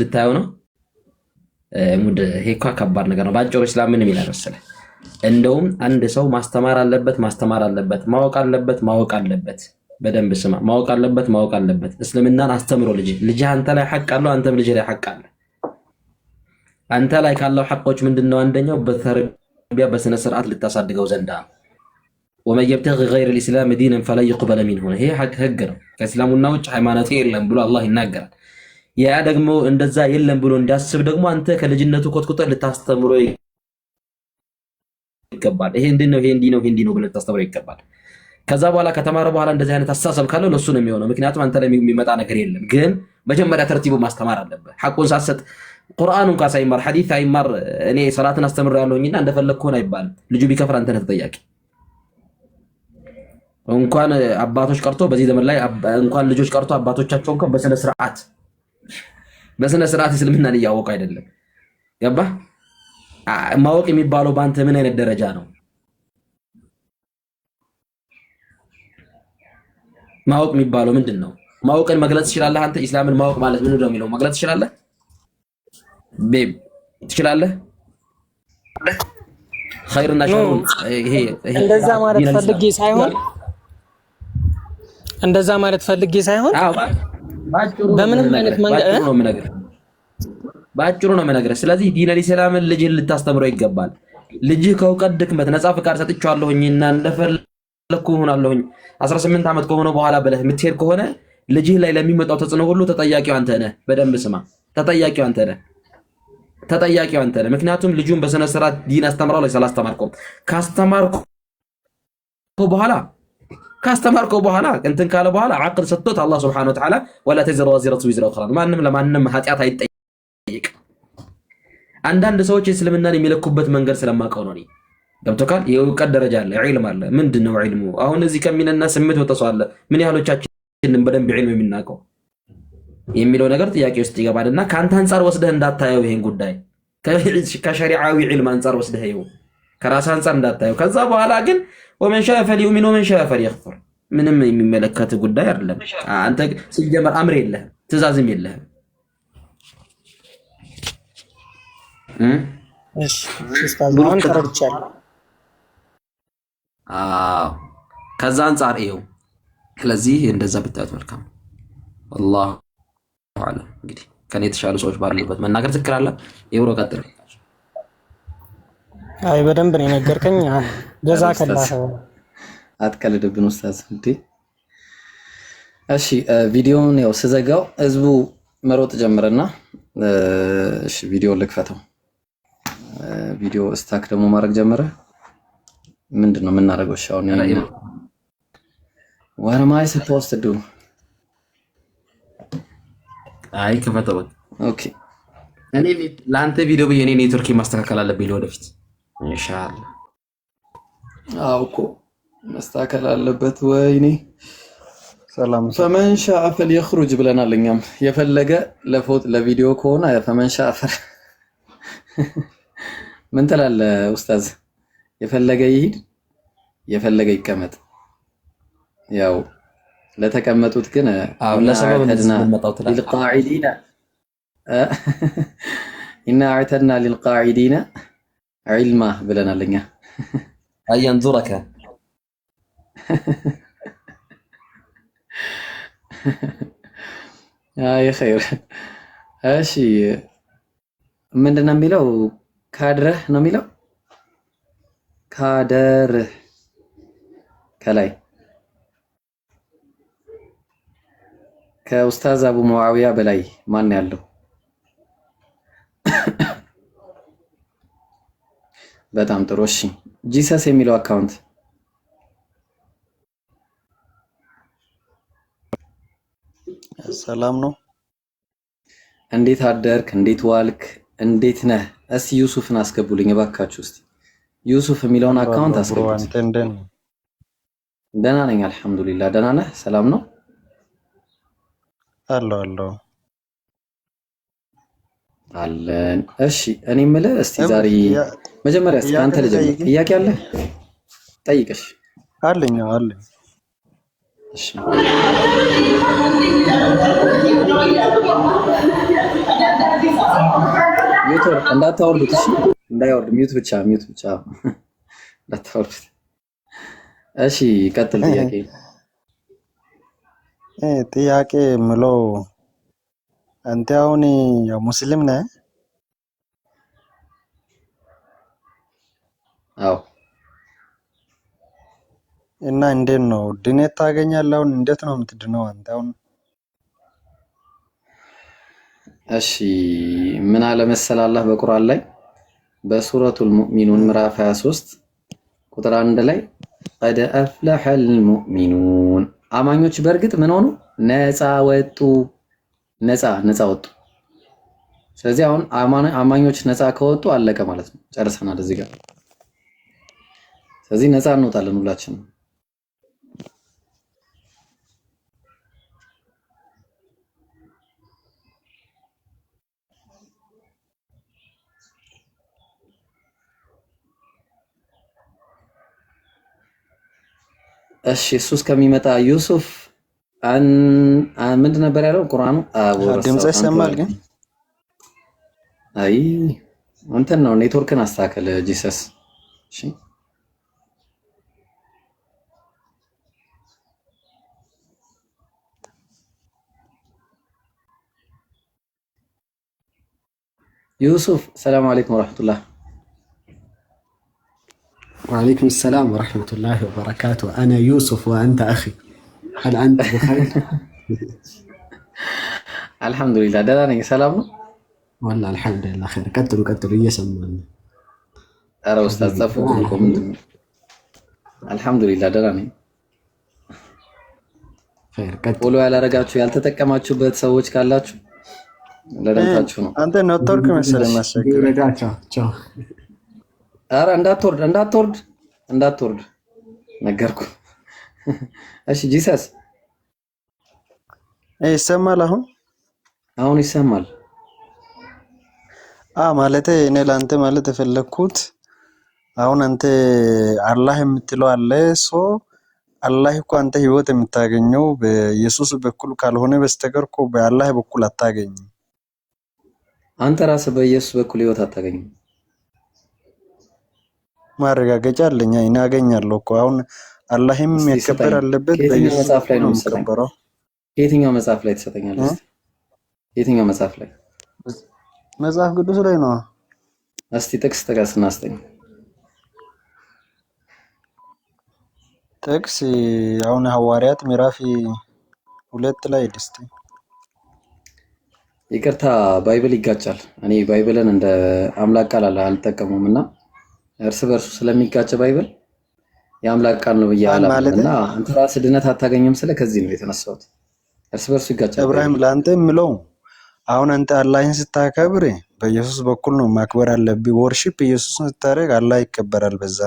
ልታየው ነው። ሙድ ይሄ ከባድ ነገር ነው። በአጭሩ ስላ ምን የሚል መሰለህ። እንደውም አንድ ሰው ማስተማር አለበት፣ ማስተማር አለበት፣ ማወቅ አለበት፣ ማወቅ አለበት። በደንብ ስማ። ማወቅ አለበት፣ ማወቅ አለበት። እስልምናን አስተምሮ ልጅ ልጅ አንተ ላይ ሐቅ አለው፣ አንተም ልጅ ላይ ሐቅ አለ። አንተ ላይ ካለው ሐቆች ምንድን ነው? አንደኛው በተርቢያ በስነ ስርዓት ልታሳድገው ዘንዳ ወመን የብተጊ ገይረ ልእስላም ዲንን ፈለን ዩቅበለ ሚንሁ ይሄ ህግ ነው። ከእስላሙና ውጭ ሃይማኖት የለም ብሎ አላህ ይናገራል። ያ ደግሞ እንደዛ የለም ብሎ እንዲያስብ ደግሞ አንተ ከልጅነቱ ኮትኩተህ ልታስተምሮ ይገባል። ይሄ እንዲህ ነው፣ ይሄ እንዲህ ነው፣ ይሄ እንዲህ ነው ብለህ ልታስተምሮ ይገባል። ከዛ በኋላ ከተማረ በኋላ እንደዚህ አይነት አስተሳሰብ ካለው ለሱ ነው የሚሆነው። ምክንያቱም አንተ ላይ የሚመጣ ነገር የለም። ግን መጀመሪያ ተርቲቡ ማስተማር አለብህ። ሐቁን ሳሰጥ ቁርአን እንኳ ሳይማር ሐዲስ ሳይማር እኔ ሰላትን አስተምር ያለሁኝና እንደፈለግ ከሆን አይባልም። ልጁ ቢከፍር አንተ ነህ ተጠያቂ። እንኳን አባቶች ቀርቶ በዚህ ዘመን ላይ እንኳን ልጆች ቀርቶ አባቶቻቸው እንኳን በስነ ስርዓት በስነ ስርዓት እስልምናን እያወቁ አይደለም። ገባ ማወቅ የሚባለው በአንተ ምን አይነት ደረጃ ነው? ማወቅ የሚባለው ምንድን ነው? ማወቅን መግለጽ ትችላለህ? አንተ ኢስላምን ማወቅ ማለት ምን የሚለው መግለጽ ትችላለህ? ቤብ ትችላለህ? ኸይርና እንደዛ ማለት ፈልጌ ሳይሆን እንደዛ ማለት ፈልጌ ሳይሆን በምንም በአጭሩ ነው የምነግርህ። ስለዚህ ዲነል ኢስላምን ልጅህን ልታስተምረው ይገባል። ልጅህ ከእውቀት ድክመት ነፃ ፍቃድ ሰጥቼዋለሁኝና እንደፈለኩ እሆናለሁኝ 18 ዓመት ከሆነ በኋላ ብለህ የምትሄድ ከሆነ ልጅህ ላይ ለሚመጣው ተጽዕኖ ሁሉ ተጠያቂው አንተ ነህ። በደንብ ስማ፣ ተጠያቂው አንተ ነህ። ተጠያቂው አንተ ነህ። ምክንያቱም ልጁን በስነ ስርዓት ዲን ላይ ስላስተማርከው ካስተማርከው በኋላ ካስተማርከው በኋላ እንትን ካለ በኋላ አቅል ሰጥቶት አላህ ስብሐነ ወተዓላ ወላ ተዝር ዋዚረቱ ዊዝረ ኡኽራ ማንም ለማንም ኃጢአት አይጠየቅ። አንዳንድ ሰዎች እስልምናን የሚለኩበት መንገድ ስለማውቀው ነው። ገብቶካል። የእውቀት ደረጃ አለ፣ ዒልም አለ። ምንድን ነው ዒልሙ? አሁን እዚህ ከሚነና ስሜት ወጥቶ አለ። ምን ያህሎቻችንን በደንብ ዒልም የምናውቀው የሚለው ነገር ጥያቄ ውስጥ ይገባልና ከአንተ አንጻር ወስደህ እንዳታየው ይሄን ጉዳይ ከሸሪዓዊ ዒልም አንጻር ወስደህ ይኸው ከራስ አንጻር እንዳታየው። ከዛ በኋላ ግን ወመን ፈሊ ኡሚን ወመን ፈሊ ፈልየክፉር። ምንም የሚመለከት ጉዳይ አይደለም። አንተ ሲጀመር አምር የለህም ትእዛዝም የለህም። ከዛ አንጻር ይው ስለዚህ እንደዛ ብታዩት መልካም። አላሁ አዕለም። እንግዲህ ከኔ የተሻሉ ሰዎች ባሉበት መናገር ትክክል አለ። ይብሮ ቀጥል አይ በደንብ ነው የነገርከኝ። ጀዛ ከላህ አትቀልድብን ኡስታዝ እንዴ። እሺ ቪዲዮውን ያው ስዘጋው ህዝቡ መሮጥ ጀመረና፣ እሺ ቪዲዮ ልክፈተው። ቪዲዮ ስታክ ደግሞ ማድረግ ጀመረ። ምንድን ነው የምናደርገው? እሺ አሁን ያለው what am i supposed አይ ከፈተው። ኦኬ እኔ ለአንተ ቪዲዮ ብዬ እኔ ኔትወርክ ማስተካከል አለብኝ ለወደፊት ኢንሻአላህ። አዎ እኮ መስተካከል አለበት። ወይኔ ሰላም ፈመንሻ አፈል የኽሩጅ ብለናል። እኛም የፈለገ ለፎት ለቪዲዮ ከሆነ ፈመንሻ አፈል ምን ትላለህ ኡስታዝ? የፈለገ ይሂድ የፈለገ ይቀመጥ። ያው ለተቀመጡት ግን ኢና አዕተድና ሊልቃዒዲነ ዒልማ ብለናል እኛ። አየንዙረከ የኸይር እሺ፣ ምንድን ነው የሚለው? ካድረህ ነው የሚለው። ካደርህ ከላይ ከኡስታዝ አቡ ሙዓዊያ በላይ ማን ያለው? በጣም ጥሩ። እሺ ጂሰስ የሚለው አካውንት ሰላም ነው። እንዴት አደርክ? እንዴት ዋልክ? እንዴት ነህ? እስቲ ዩሱፍን አስገቡልኝ እባካችሁ። እስቲ ዩሱፍ የሚለውን አካውንት አስገቡልኝ። ደህና ነኝ፣ አልሐምዱሊላህ። ደህና ነህ? ሰላም ነው አለው አለው አለን። እሺ እኔ የምልህ እስቲ ዛሬ መጀመሪያ እስኪ አንተ ልጀምር። ጥያቄ አለ ጠይቅሽ አለኝ አለኝ። እሺ ሚዩት እንዳታወርዱት፣ እሺ እንዳይወርድ ሚዩት ብቻ ሚዩት ብቻ እንዳታወርዱት። እሺ ቀጥል። ጥያቄ ጥያቄ የምለው አንተ አሁን ያው ሙስሊም ነህ? አዎ። እና እንዴት ነው ድነት ታገኛለህ? አሁን እንዴት ነው የምትድነው አንተ አሁን? እሺ ምን አለ መሰለህ አላህ በቁርአን ላይ በሱረቱል ሙእሚኑን ምዕራፍ 23 ቁጥር አንድ ላይ ቀድ አፍለሐል ሙእሚኑን አማኞች በእርግጥ ምን ሆኑ ነፃ ወጡ ነፃ ነፃ ወጡ። ስለዚህ አሁን አማኞች ነፃ ከወጡ አለቀ ማለት ነው። ጨርሰናል እዚህ ጋር። ስለዚህ ነፃ እንወጣለን ሁላችን። እሺ እሱ እስከሚመጣ ዩሱፍ ምንድን ነበር ያለው? ቁርአኑ ድምፅ ይሰማል ግን አይ እንትን ነው። ኔትወርክን አስተካከል ጂሰስ። እሺ ዩሱፍ፣ ሰላም አለይኩም ወረሕመቱላህ። ወአለይኩም ሰላም ወረሕመቱላህ ወበረካቱ አነ ዩሱፍ ወአንተ አኺ هل አንድ بخير አልহামዱሊላ ደህና ነኝ ሰላም ነው والله الحمد لله خير ቀጥሉ ቀጥሉ እየሰማን አረ ኡስታዝ ጻፉ ኮሜንት لله ደህና ነኝ خير ቀጥሉ ፎሎ ያላረጋችሁ ያልተጠቀማችሁበት ሰዎች ካላችሁ ለደምታችሁ ነው አንተ ኔትወርክ መሰለኝ ማስቸገር ረጋቻው ቻው አረ እንዳትወርድ እንዳትወርድ እንዳትወርድ ነገርኩ እሺ ጂሰስ ይሰማል? አሁን አሁን ይሰማል። አ ማለት እኔ ላንተ ማለት የፈለግኩት አሁን አንተ አላህ የምትለው አለ ሶ አላህ እኮ አንተ ህይወት የምታገኘው በኢየሱስ በኩል ካልሆነ በስተቀር እኮ በአላህ በኩል አታገኝም። አንተ ራስህ በኢየሱስ በኩል ህይወት አታገኝም። ማረጋገጫ አለኝ፣ እኔ አገኛለሁ እኮ አሁን አላህም መከበር አለበት። በየትኛው መጽሐፍ ላይ ነው የሚከበረው? የትኛው መጽሐፍ ላይ ትሰጠኛለህ? የትኛው መጽሐፍ ላይ? መጽሐፍ ቅዱስ ላይ ነው። እስቲ ጥቅስ ጥቀስ አስጠኝ። ጥቅስ አሁን ሐዋርያት ምዕራፍ ሁለት ላይ ድስት ይቅርታ፣ ባይብል ይጋጫል። እኔ ባይብልን እንደ አምላክ ቃል አልጠቀሙም እና እርስ በእርሱ ስለሚጋጭ ባይብል የአምላክ ቃል ነው ብዬ አላምንና አንተ ራስህ ድነት አታገኝም ስለ ከዚህ ነው የተነሳሁት። እርስ በርሱ ይጋጫል። እብራሂም ለአንተ የምለው አሁን አንተ አላህን ስታከብር በኢየሱስ በኩል ነው ማክበር አለብህ። ወርሺፕ ኢየሱስን ስታደርግ አላህ ይከበራል በዛ